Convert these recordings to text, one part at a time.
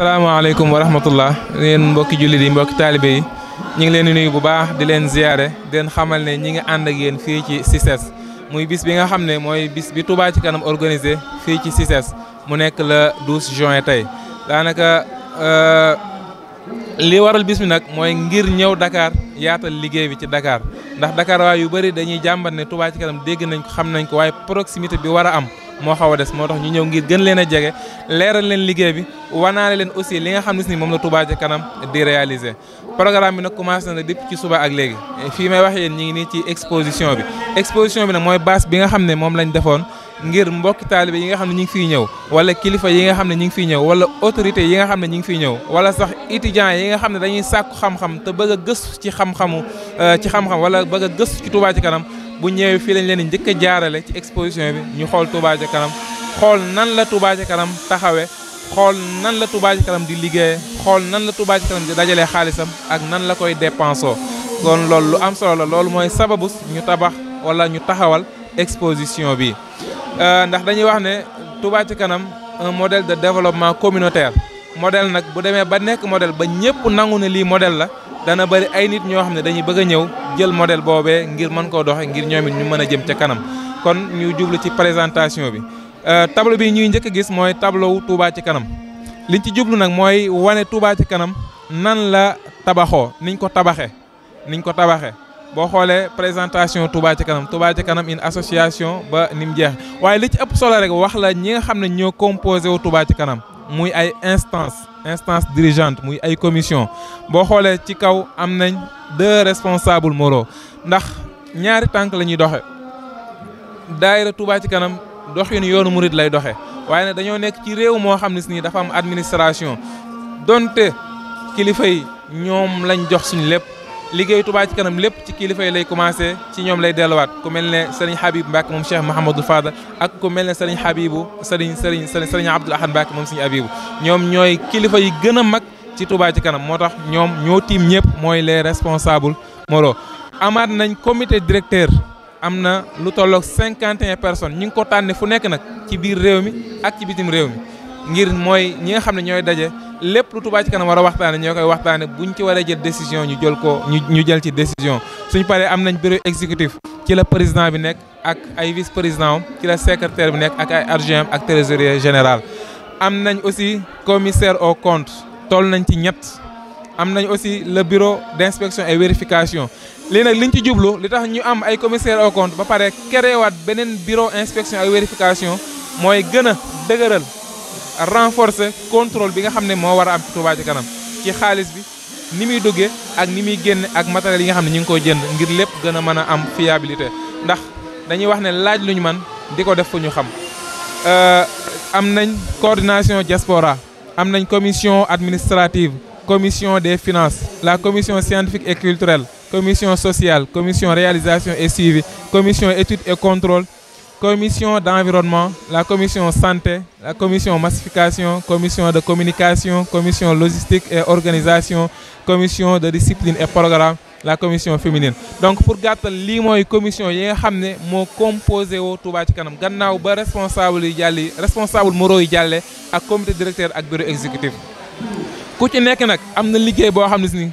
salaamaaleykum wa rahmatullah yéen mbokki jullit yi mbokki taalibe yi ñu ngi leen di nuyu bu baax di leen ziyaare di xamal ne ñi ngi ànd ak yéen fii ci CICES muy bis bi nga xam ne mooy bis bi tubaa ci kanam organisé fii ci CICES mu nekk le 12 juin tey daanaka euh, li waral bis bi nag mooy ngir ñëw dakaar yaatal liggéey bi ci Dakar ndax Dakar yu bëri dañuy jàmbat ne Touba ci kanam dégg nañ ko xam nañ ko waaye proximité bi war a am moo xaw a des moo tax ñu ñëw ngir gën leen a jege leeral leen liggéey bi wanaale leen aussi li nga xam ne si moom la Touba ca kanam di réaliser programme bi nag commencé na depuis ci suba ak léegi fii may wax yéen ñi ngi nii ci exposition bi exposition bi nag mooy base bi nga xam ne moom lañu defoon ngir mbokki taalibe yi nga xam ne ñi ngi fiy ñëw wala kilifa yi nga xam ne ñu ngi fiy ñëw wala autorité yi nga xam ne ñu ngi fiy ñëw wala sax étudiants yi nga xam ne dañuy sàkku xam te bëgg a gëstu ci xam-xamu euh, ci xam wala bëgg gëstu ci Touba ci kanam bu ñëwee fii lañ leen njëkk a jaarale ci exposition bi ñu xool Touba ca kanam xool nan la Touba ca kanam taxawee xool nan la Touba ca kanam di liggéeyee xool nan la Touba ca kanam di dajalee xaalisam ak nan la koy dépensoo kon loolu lu am solo la loolu mooy sababus ñu tabax wala ñu taxawal exposition bi euh, ndax dañuy wax ne Touba ca kanam un modèle de développement communautaire modèle nag bu demee ba nekk modèle ba ñëpp nangu ne lii modèle la dana bëri ay nit ñoo xam ne dañuy bëgg a ñëw jël modèle boobee ngir mën koo doxe ngir ñoom it ñu mën a jëm ca kanam kon ñu jublu ci présentation bi euh, tableau bi ñuy njëkk a gis mooy tableau wu Touba ci kanam liñ ci jublu nag mooy wane Touba ci kanam nan la tabaxoo niñ ko tabaxee niñ ko tabaxee boo xoolee présentation Touba ci kanam Touba ci kanam une association ba ni mu jeex waaye li ci ëpp solo rek wax la ñi nga xam ne ñoo composé wu Touba ci kanam muy ay instance instance dirigeante muy ay commission boo xoolee ci kaw am nañ deux responsables moraux ndax ñaari tànk la ñuy doxe daayira Touba ci kanam doxinu yoonu murit lay doxe waaye nag dañoo nekk ci réew moo xam ne si nii dafa am administration donte kilifa yi ñoom lañ jox suñu lépp liggéey Touba ci kanam lépp ci kilifa yi lay commencé ci ñoom lay delluwaat ku mel ne Serigne Habib Mbacke moom Cheikh Mouhamadou Fada ak ku mel ne Serigne Habibu Serigne Serigne Serigne Abdoul Ahad Mbacke moom Serigne Habibu ñoom ñooy kilifa yi gën a mag ci Touba ci kanam moo tax ñoom ñoo tiim ñëpp mooy les responsable moraux amaat nañ comité directeur am na lu tolloog cinquante et personnes ñu ngi ko tànne fu nekk nag ci biir réew mi ak ci bitim réew mi ngir mooy ñi nga xam ne ñooy daje. lépp lu Touba ci kanam war a waxtaane ñoo koy waxtaane buñ ci waree jël décision ñu jël ko ñu jël ci décision suñ paree am nañ bureau exécutif ci la président bi nekk ak ay vice président ci la secretaire bi nekk ak ay adjoint ak trésorier général am nañ aussi commissaire au compte toll nañ ci ñett am nañ aussi le bureau d'inspection et vérification li nag liñ ci jublu li tax ñu am ay commissaire au compte ba pare kerewaat beneen bureau inspection ak vérification mooy gën a dëgëral renforcer contrôle bi nga xam ne moo war a am ci Touba Ca Kanam ci xaalis bi ni muy duggee ak ni muy génne ak matériel yi nga xam ne ñu ngi koy jënd ngir lépp gën a mën a am fiabilité ndax dañuy wax ne laaj lu ñu man di ko def fu ñu xam euh, am nañ coordination diaspora am nañ commission administrative commission des finances la commission scientifique et culturelle commission sociale commission réalisation et suivi commission étude et contrôle commission d'environnement, la commission santé, la commission massification, commission de communication, commission logistique et organisation, commission de discipline et programme, la commission féminine. Donc pour gàttal lii mooy commission yi nga xam ne moo composé woo Touba ci kanam gannaaw ba responsable yu jàlli responsable moraux yu jàlle ak comité directeur ak bureau exécutif ku ci nekk nag am na liggéey boo xam ni si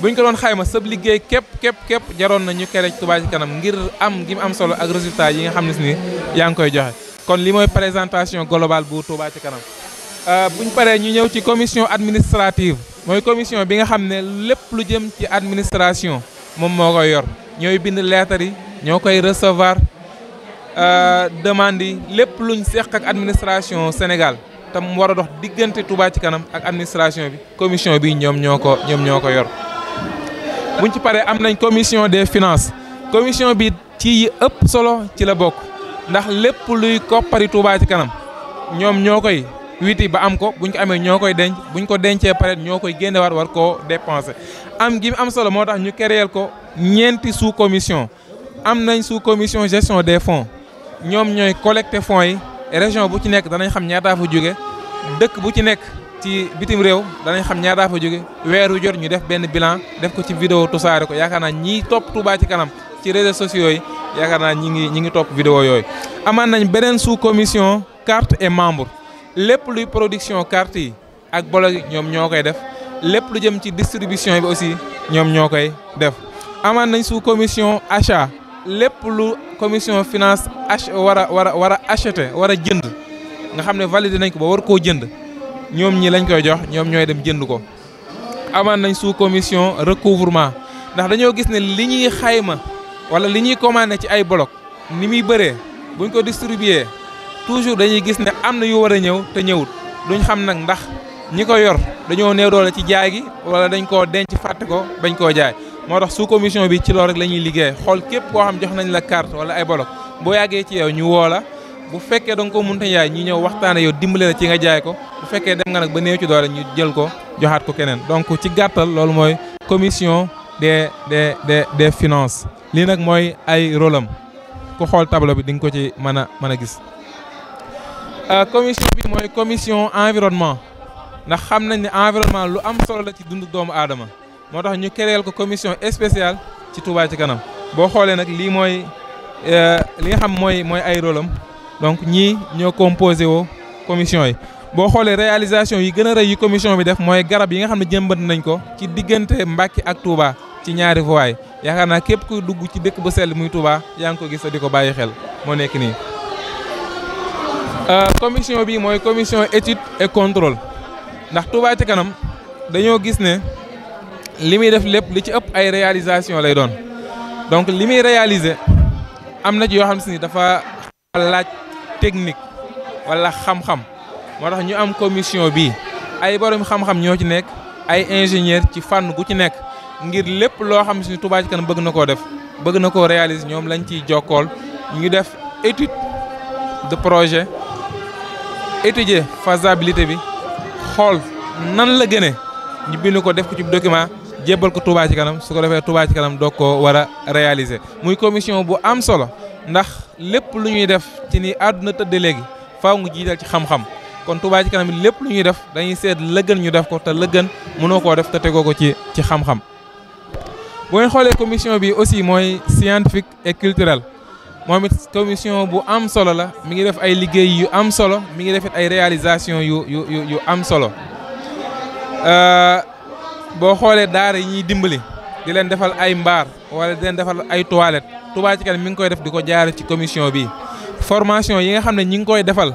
buñ ko doon xayma sab liggéey képp képp képp jaroon na ñu kere Touba ci kanam ngir am gi mu am solo ak résultat yi nga xam ne si ni yaa ngi koy joxe kon li mooy présentation globale bu Touba ci kanam euh, buñ paree ñu ñëw ci commission administrative mooy commission bi nga xam ne lépp lu jëm ci administration moom moo koy yor ñooy bind leetar yi ñoo koy recevoir euh, demande yi lépp luñ seq ak administration Sénégal te tam war a dox diggante Touba ci kanam ak administration bi commission bi ñoom ñoo ko ñoom ñoo ko yor buñ ci paree am nañ commission des finance commission bi ci ëpp solo ci la bokk ndax lépp luy koppari Touba ci kanam ñoom ñoo koy witi ba am ko buñ ko amee ñoo koy denc buñ ko dencee pare ñoo koy génne waat war koo dépensé am gi mu am solo moo tax ñu créer ko ñeenti sous commission am nañ sous commission gestion des fonds ñoom ñooy collecté fonds yi région bu ci nekk danañ xam ñaataa fa jóge dëkk bu ci nekk ci bitim réew danañ xam ñaataa fa jóge weeru wu jot ñu def benn bilan def ko ci vidéo tosaare ko yaakaar naa ñii topp Touba ci kanam ci réseaux sociaux yi yaakaar naa ñi ngi ñi ngi topp vidéo yooyu amaan nañ beneen sous commission carte et membre lépp luy production carte yi ak bolo ñoom ñoo koy def lépp lu jëm ci distribution bi aussi ñoom ñoo koy def amaan nañ sous commission achat lépp lu commission finance ach war a war a war a acheter war a jënd nga xam ne validé nañ ko ba war koo jënd ñoom ñi lañ koy jox ñoom ñooy dem jënd ko amaan nañ sous commission recouvrement ndax dañoo gis ne li ñuy xayma wala li ñuy commandé ci ay bloc ni muy bëree buñ ko distribuer toujours dañuy gis ne am na yu war a ñëw te ñëwut duñ xam nag ndax ñi ko yor dañoo néew doole ci jaay gi wala dañ koo denc fàtte ko bañ koo jaay moo tax sous commission bi ci loolu rek la ñuy liggéey xool képp koo xam jox nañ la carte wala ay bloc boo yàggee ci yow ñu woo bu fekkee danga ko mënta jaay ñi ñëw waxtaane yow dimbale la ci nga jaay ko bu fekkee dem nga nag ba néew ci doole ñu jël ko joxaat ko keneen donc ci gàttal loolu mooy commission des de des des finances lii nag mooy ay rôle am ku xool tableau bi di nga ko ci mën a mën a gis. Euh, commission bi mooy commission environnement ndax xam nañ ne environnement lu am solo la ci dundu doomu aadama moo tax ñu créé ko commission spéciale ci Touba ci kanam boo xoolee nag lii mooy euh, li nga xam mooy mooy ay rôle donc ñii ñoo composé woo commission yi boo xoolee réalisation yi gën a rëy yi commission bi def mooy garab yi nga xam ne jëmbat nañ ko ci diggante Mbàkke ak Touba ci ñaari voies yaakaar naa képp ku dugg ci dëkk bu sell muy Touba yaa ngi ko gis di ko bàyyi xel moo nekk nii. Euh, commission bi mooy commission étude et contrôle ndax Touba ci kanam dañoo gis ne li muy def lépp li ci ëpp ay réalisation lay doon donc li muy réaliser am na ci yoo xam si ni dafa laaj technique walla xam-xam moo tax ñu am commission bi ay borom xam-xam ñoo ci nekk ay ingénieur ci fànn gu ci nekk ngir lépp loo xam si Touba Ca Kanam bëgg na koo def bëgg na koo réaliser ñoom lañ ciy jokkool ñu def étude de projet étudier faisabilité bi xool nan la gëne ñu bind ko def ko ci document jébbal ko Touba ci kanam su ko defee Touba ci kanam doog koo war a réaliser muy commission bu am solo ndax lépp lu ñuy def ci ni àdduna tëdde léegi faaw nga jiital ci xam-xam kon Touba ci kanam lépp lu ñuy def dañuy seet la gën ñu def ko te la gën mënoo koo def te tegoo ko ci ci xam-xam. bu ngeen xoolee commission bi aussi mooy scientifique et culturelle moom it commission bu am solo la mi ngi def ay liggéey yu am solo mi ngi def ay réalisation yu yu am solo. Euh, boo xoolee daara yi ñuy dimbali di leen defal ay mbaar wala di leen defal ay toilette Touba ci kanam mi ngi koy def di ko jaar ci commission bi formation yi nga xam ne ñi ngi koy defal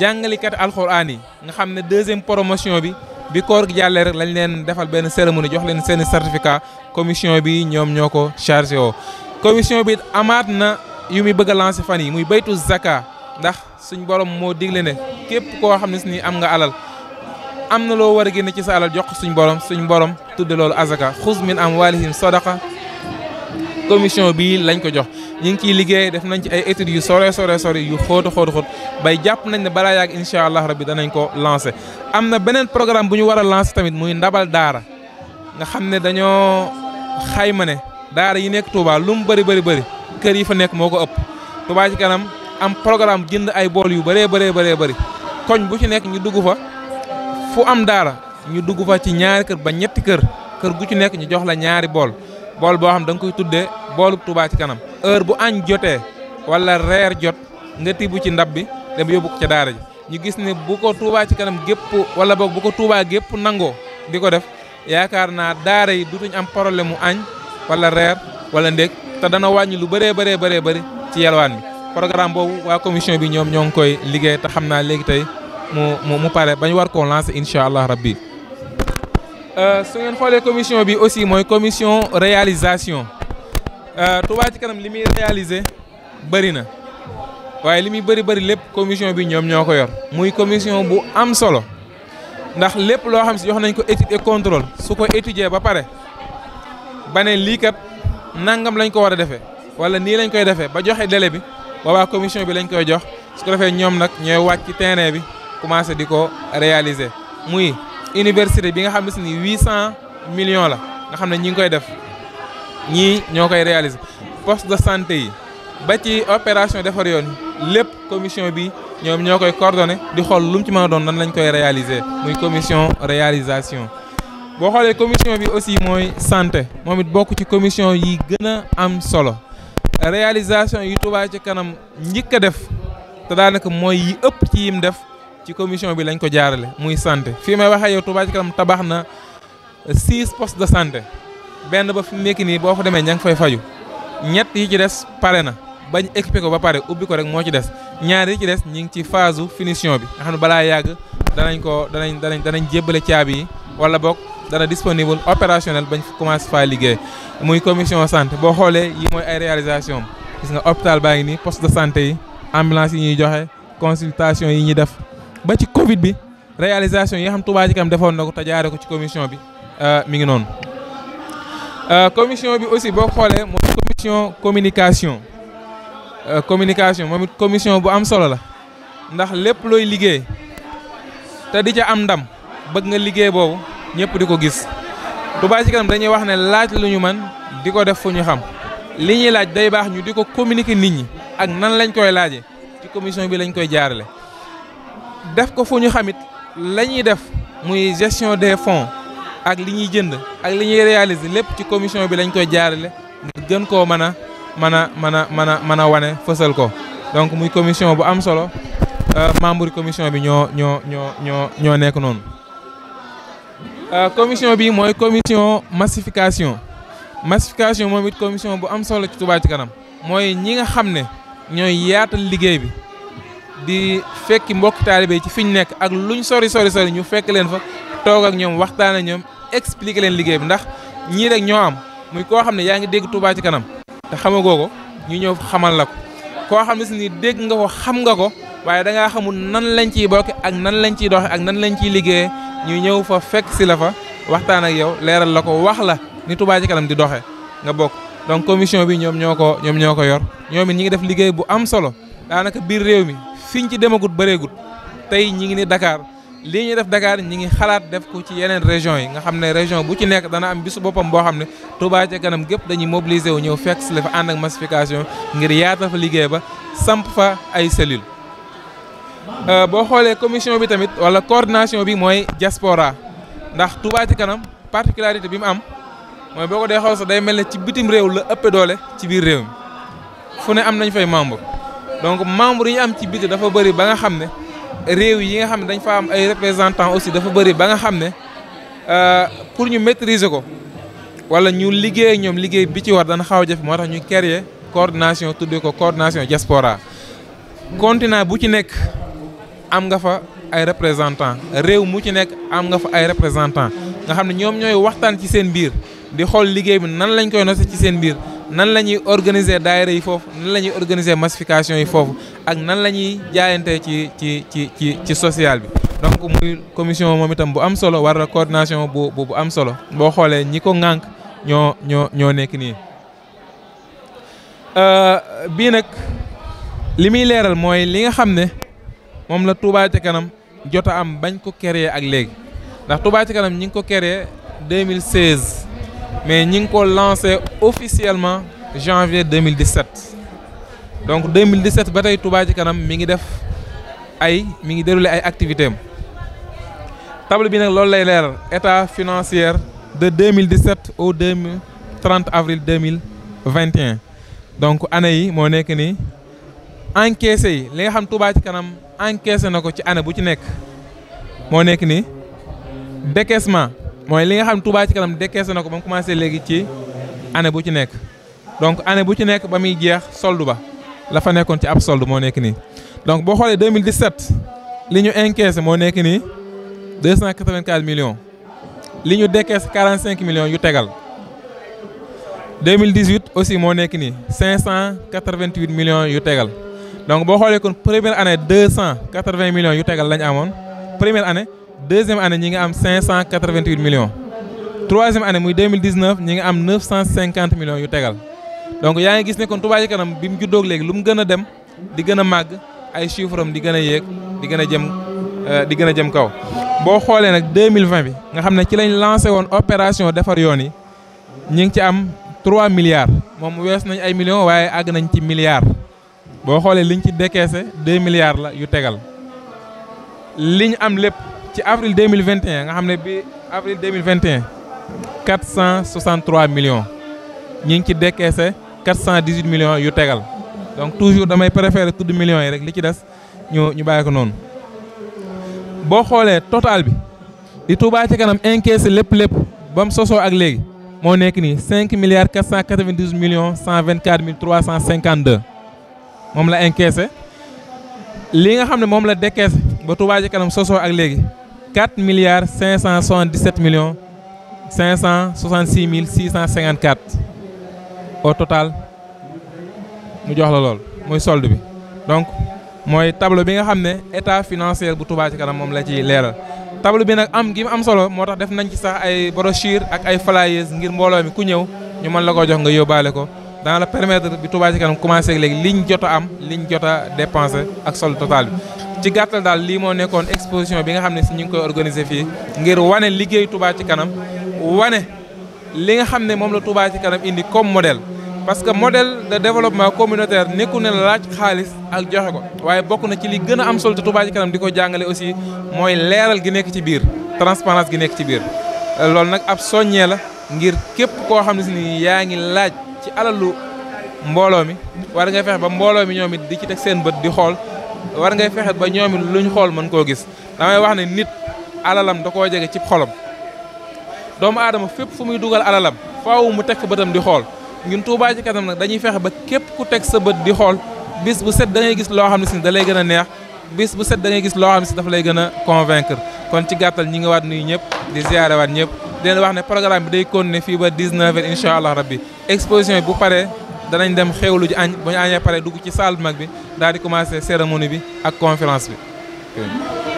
jàngalikat alxuraan yi nga xam ne deuxième promotion bi bi koor gi jàllee rek lañ leen defal benn cérémonie jox leen seen certificat commission bi ñoom ñoo ko chargé woo commission bi amaat na yu muy bëgg a lancé fan yi muy baytu zaka ndax suñ borom moo digle ne képp koo xam ne am nga alal am na loo war a génne ci sa alal jox ko suñ borom suñ borom tudde loolu azaka xuz min amwalihim sadaqa commission bii lañ ko jox ñu ngi ciy liggéey def nañ ci ay études yu sore sore sore yu xóotu xóotu xóot bay jàpp nañ ne balaa yàgg incha allah rabbi danañ ko lancé am na beneen programme bu ñu war a lancé tamit muy ndabal daara nga xam ne dañoo xayma ne daara yi nekk Touba lu mu bëri bari bëri kër yi fa nekk moo ko ëpp Touba ci kanam am programme jënd ay bool yu bëree bëree bëree bëri koñ bu ci nekk ñu dugg fa fu am daara ñu dugg fa ci ñaari kër ba ñetti kër kër gu ci nekk ñu jox la ñaari bool bool boo xam da nga koy tuddee boolub Touba ci kanam heure bu añ jotee wala reer jot nga tibb ci ndab bi dem yóbbu ca daara ji ñu gis ne bu ko Touba ci kanam gépp wala boog bu ko tuubaa gépp nangoo di ko def yaakaar naa daara yi du dutuñ am problème mu añ wala reer wala ndéeg te dana wàññi lu bëree bëree bëree bëri ci yalwaan bi programme boobu waa commission bi ñoom ñoo ngi koy liggéey te xam naa léegi tey mu mu pare bañ war koo lancer incha allah rabbi euh, su ngeen xoolee commission bi aussi mooy commission réalisation euh, Touba ci kanam li muy réaliser bëri na waaye li muy bëri bëri lépp commission bi ñoom ñoo ko yor muy commission bu am solo ndax lépp loo xam si jox nañ ko étude et contrôle su ko étudier ba pare ba ne liikat nangam lañ ko war a defee wala nii lañ koy defee ba joxe délai bi boobaa commission bi lañ koy jox su ko defee ñoom nag ñooy wàcc ci terrain bi commencé di ko réaliser muy université bi nga xam ne si ni huit cent millions la nga xam ne ñi ngi koy def ñi ñoo koy réaliser poste de santé yi ba ci opération defar yoon lépp commission bi ñoom ñoo koy coordonné di xool lu ci mën doon nan lañ koy réaliser muy commission réalisation boo xoolee commission bi aussi mooy santé moom it bokk ci commission yi gën a am solo réalisation yi Touba ci kanam njëkk def te daanaka mooy yi ëpp ci yim def ci commission bi lañ ko jaarale muy santé fii may waxee yow Touba Ca Kanam tabax na six postes de santé benn ba nekk nii boo fa demee ña ngi fay faju ñett yi ci des pare na bañ équipé ko ba pare ubbi ko rek moo ci des ñaar yi ci des ñu ngi ci phase finition bi nga xam ne balaa yàgg danañ ko danañ danañ danañ jébbale caabi yi wala boog dana disponible opérationnel bañ commencé faa liggéey muy commission santé boo xoolee yi mooy ay réalisation gis nga hôpital baa ngi nii poste de santé yi yi ñuy joxe consultation yi ñuy def ba ci Covid bi réalisation yi xam Touba ci kanam defoon na ko te jaaree ko ci commission bi euh, mi ngi noonu. Euh, commission bi aussi boo xoolee mooy commission communication euh, communication moom it commission bu am solo la ndax lépp looy liggéey te di ca am ndam bëgg nga liggéey boobu ñëpp di ko gis. Touba ci kanam dañuy wax ne laaj lu ñu man di ko def fu ñu xam li ñuy laaj day baax ñu di ko communiquer nit ñi ak nan lañ koy laajee ci commission bi lañ koy jaarale def ko fu ñu xamit la ñuy def muy gestion des fonds ak li ñuy jënd ak li ñuy réaliser lépp ci commission bi lañ koy jaarale ngir gën koo mën a mën a mën a mën a mën a wane fësal ko donc muy commission bu am solo euh, membre commission bi ñoo ñoo ñoo ñoo ñoo nekk noonu euh, commission bi mooy commission massification massification moom it commission bu am solo ci Touba ci kanam mooy ñi nga xam ne ñooy yaatal liggéey bi di fekki mbokk taalibe ci fi ñu nekk ak luñ sori sori sori ñu fekk leen fa toog ak ñoom waxtaan ñoom expliquer leen liggéey bi ndax ñii rek ñoo am muy koo xam ne yaa ngi dégg Touba ci kanam te xamagoo ko ñu ñëw xamal la ko koo xam ne si ni dégg nga ko xam nga ko waaye da ngaa xamul nan lañ ciy bokke ak nan lañ ciy doxe ak nan lañ ciy liggéeyee ñu ñëw fa fekk si la fa waxtaan ak yow leeral la ko wax la ni Touba ci kanam di doxee nga bokk donc commission bi ñoom ñoo ko ñoom ñoo ko yor ñoom it ñi ngi def liggéey bu am solo biir réew mi fiñ ci demagut bëreegut tey ñi ngi ni Dakar lii ñuy def Dakar ñi ngi xalaat def ko ci yeneen région yi nga xam ne région bu ci nekk dana am bisu boppam boo xam ne Touba ca kanam gépp dañuy mobiliser wu ñëw fekk si la fa ànd ak massification ngir yaatal fa liggéey ba samp fa ay cellules. Euh, boo xoolee commission bi tamit wala coordination bi mooy jasporaa ndax Touba ci kanam particularité bi mu am mooy boo ko dee xool sax day mel ne ci bitim réew la ëpp doole ci biir réew fu ne am nañ fay membre donc membre yi ñu am ci biti dafa bëri ba nga xam ne réew yi nga xam ne dañ fa am ay représentant aussi dafa bëri ba nga xam ne euh, pour ñu maîtriser ko wala ñu liggéey ñoom liggéey bi ci war dana xaw a jafe moo tax ñu créer coordination tuddee ko coordination diaspora continent bu ci nekk am nga fa ay représentants réew mu ci nekk am nga fa ay représentant nga xam ne ñoom ñooy waxtaan ci seen mbiir di xool liggéey bi nan lañ koy nose ci seen biir nan la ñuy organiser daayira yi foofu nan la ñuy organiser yi foofu ak nan la ñuy jaayante ci ci ci ci ci social bi donc muy commission moom itam bu am solo war na coordination bu bu am solo boo xoolee ñi ko ŋànk ñoo ñoo ñoo nekk nii. Euh, bii nag li muy leeral mooy li nga xam ne moom la Touba Ca Kanam jot a am bañ ko créer ak léegi ndax Touba Kanam ñi ngi ko créer 2016. mais ñi ngi ko lancé officiellement janvier 2017 donc 2017 ba tey tubaa ci kanam mi ngi def ay mi ngi déroulé ay activités am table bi nag loolu lay leeral état financier de 2017 au 30 avril 2021 donc année yi moo nekk ni encaissé yi li nga xam Touba ci kanam encaissé na ko ci année bu ci nekk moo nekk ni décaissement mooy li nga xam ne Touba ci kanam dékkeese na ko ba mu commencé léegi ci année bu ci nekk donc année bu ci nekk ba muy jeex soldu ba la fa nekkoon ci ab soldu moo nekk nii. donc boo xoolee 2017 li ñu encaissé moo nekk nii 284 millions li ñu dékkeese 45 millions yu tegal 2018 aussi moo nekk nii 588 millions yu tegal. donc boo xoolee kon première année 280 millions yu tegal lañ amoon première année. deuxième année ñi nga am cinq cent quatre-vingt-huit millions troisième année muy deux mille dix-neuf ñi nga am neuf cent yu tegal donc yaa ngi gis ne kon Touba Kanam bi mu juddoog léegi lu mu gën a dem di gën a màgg ay chiffres am di gën a yéeg di gën a jëm euh, di gën a jëm kaw. boo xoolee nag deux mille vingt bi nga xam ne ci lañ lancé woon opération defar yoon yi ñi ngi ci am trois milliards moom mu wees nañ ay millions waaye àgg nañ ci milliards boo xoolee liñ ci décaissé deux milliards la yu tegal liñ am lépp. ci avril 2021 nga xam ne bi avril 2021 463 millions ñi ngi ci décaissé 418 millions yu tegal donc toujours damay préférer tudd millions yi rek li ci des ñu ñu bàyyi ko noonu boo xoolee total bi di Touba ci kanam encaissé lépp lépp ba mu sosoo ak léegi moo nekk nii 5 milliards 492 millions 124 mille 352 moom la encaissé li nga xam ne moom la décaissé ba Touba ci kanam sosoo ak léegi 4 milliards 577 millions 566 mille 654 au total mu jox la lool muy solde bi donc mooy table bi nga xam ne état financier bu Touba ci kanam moom la ci leeral table bi nag am gi mu am solo moo tax def nañ ci sax ay brochures ak ay flyers ngir mbooloo mi ku ñëw ñu mën la ko jox nga yóbbaale ko dana la permettre bi Touba ci kanam commencé léegi liñ jot a am liñ jot a dépensé ak solde total bi ci gàttal daal lii moo nekkoon exposition bi nga xam ne si ñu ngi koy organiser fii ngir wane liggéey Touba ci kanam wane li nga xam ne moom la Touba ci kanam indi comme model parce que model de développement communautaire nekku ne laaj xaalis ak joxe ko waaye bokk na ci li gën a am solo te Touba ci kanam di ko jàngale aussi mooy leeral gi nekk ci biir transparence gi nekk ci biir. Euh, loolu nag ab soññee la ngir képp koo xam ne si ni yaa ngi laaj ci alalu mbooloo mi war nga fexe ba mbooloo mi ñoom it di ci teg seen bët di xool. war ngay fexe ba ñoom it luñ xool mën koo gis damay wax ne nit alalam da koo jege ci xolam doomu aadama fépp fu muy dugal alalam faaw mu teg bëtam di xool ñun Touba ci kanam nag dañuy fexe ba képp ku teg sa bët di xool bis bu set da gis loo xam ne si da lay gën a neex bis bu set da gis loo xam ne si dafa lay gën a convaincre kon ci gàttal ñi ngi waat nuyu ñëpp di ziare waat ñëpp di leen wax ne programme bi day continuer fii ba 19 heures incha allah rabbi exposition bi bu paree danañ dem xewlu ji añ bu ñu añee pare dugg ci salle mag bi daal di commencé cérémonie bi ak conférence bi